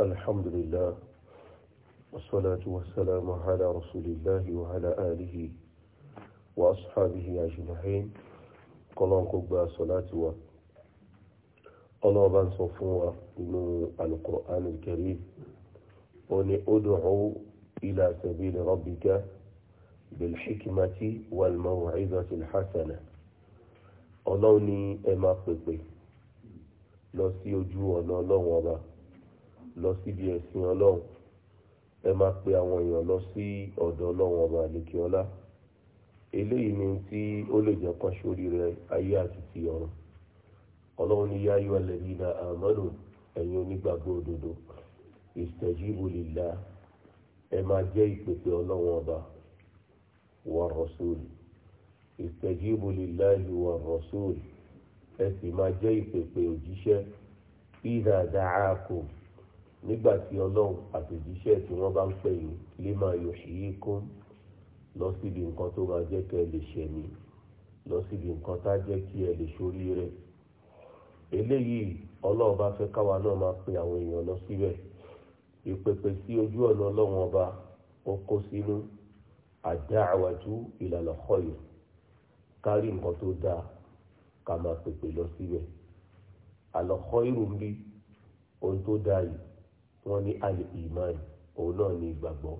الحمد لله والصلاة والسلام على رسول الله وعلى آله وأصحابه أجمعين قلنا قبع صلاة و الله صفوة من القرآن الكريم وني أدعو إلى سبيل ربك بالحكمة والموعظة الحسنة الله ني أما pèpè lọ sí ojú lọ síbi ẹ̀sìn ọlọ́run ẹ máa pe àwọn èèyàn lọ sí ọ̀dọ̀ ọlọ́run ọba àlekè ọlá eléyìí ni tí ó lè jẹ́ kán sórí rẹ ayé àti ti ọ̀run ọlọ́run ní yáyọ alẹ́bí na àmọ́nù ẹ̀yin onígbàgbọ́ òdodo istajibu lillah ẹ máa jẹ́ ìpèpè ọlọ́run ọba wa rasul istajibu lillahi wa rasul ẹ sì máa jẹ́ ìpèpè òjíṣẹ́ idha da'akum nígbà tí ọlọ́run àtòjíṣẹ́ tí wọ́n bá ń pè yín lè máa yọ ṣèyí kún lọ síbi nǹkan tó máa jẹ́ kẹ́ ẹ lè ṣẹ̀mí lọ síbi nǹkan tá jẹ́ kí ẹ lè ṣorí rẹ̀ eléyìí ọlọ́run bá fẹ́ káwa náà máa pe àwọn èèyàn lọ síbẹ̀ ìpèpè sí ojú ọ̀nà ọlọ́run ọba ó kó sínú àdáàwájú ìlànà kọ́yọ̀ kárí nǹkan tó dáa ká máa pèpè lọ síbẹ̀ àlọ́kọ́ ìrùn bí ohun tó dáa yìí wọ́n ní àlè ìmáàlì òun náà ní ìgbàgbọ́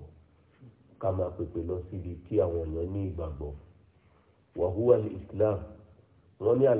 ká máa pèpè lọ síbi kí àwọn èèyàn ní ìgbàgbọ́ wàhúwà ní Islam wọ́n ní àlọ́